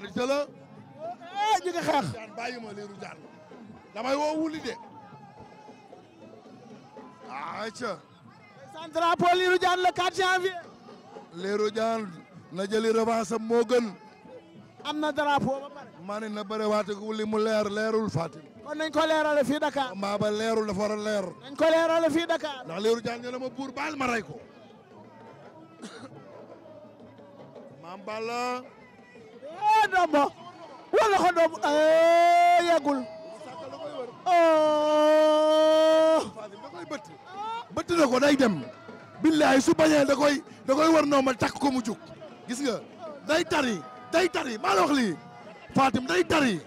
jaan jëla. ñu ngi xeex. jaan bàyyi ma liiru jaan damay woo wuli de. ayca. sant drapeau liiru jaan le 4 janvier. liiru jaan na jëli revanche am moo gën. am na drapeau ba pare. maa ne na bëre waate wuli mu leer leerul Fatim. kon nañ ko leerale fii Dakar. mbaa ba leerul dafa war a leer. nañ ko leerale fii Dakar. ndax liiru jaan ñu ne ma buur baal ma rey ko. maam Balla. dama wala xodom yagul da koy bëtt bëtt na ko day dem billaay su bañee da koy da koy war noomal takk ko mu jug gis nga day tari day tari maa la wax lii Fatim day tari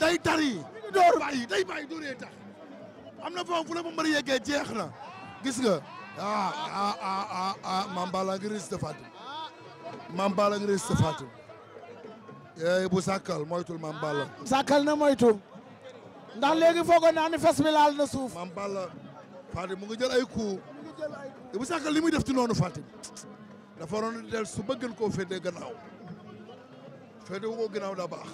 day tari door bàyyi day bàyyi dóoree tax am na foofu fu la mu mbëri yeggee jeex na gis nga ah ah ah ah mam bala ngi résisté Fatim mam bala ngi résisté Fatim yee eh, bu sàkkal moytul maam Balla. Ah, na moytu. ndax léegi foogoon na suuf. maam Balla Fatim mu ngi jël ay coups. bu sàkkal li muy def ci noonu Fatim. dafa del su bëgg koo féetee gannaaw. féetee wu ko gannaaw daa baax.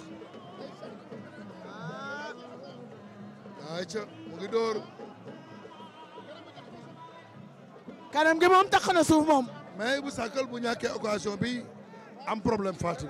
Ah, mu ngi dóor. kanam gi moom tax na suuf moom. mais bu sàkkal bu ñàkkee occasion bi am problème Fatim.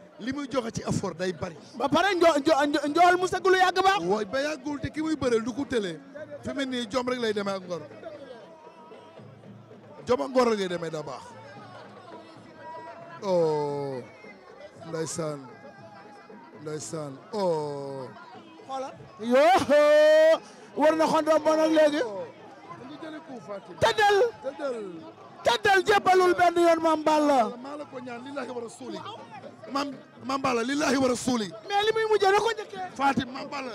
li muy joxe ci effort day bari. ba pare njo njool mu sëgg lu yàgg ba. waaw ba yàggul te ki muy bëreel du ko tëlee fi mu nii jom rek lay demee ak ngor jom ak rek lay demee da baax. oh ndeysaan ndeysaan oh. xoolal yoo war na xondoom bon ak léegi. Oh. tëddal tëddal jébbalul benn yoon Mame Balla maa la ko ñaan lillahi wa rasuli mam Mame Balla lillahi wa rasuli mais li muy mujjee da ko njëkkee Fatim Mame Balla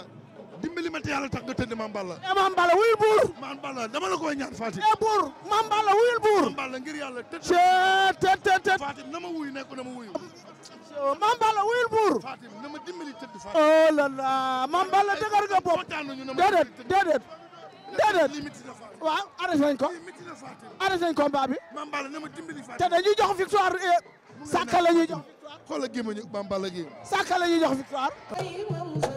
dimbali ma te yàlla tax nga tëdd Mame Balla e Mame Balla wuyul buur Mame Balla dama la koy ñaan Fatim e na ma wuyu nekk Balla wuyul buur Fatim na ma oh Balla dëgër nga bopp déedéet déedéet déedéet waaw arrêté nañ ko arrêté nañ combat bi te dañuy jox victoire eh, sàkka la ñuy jox. xoolal gémmañu Mame Balla gi sàkka la ñuy jox victoire.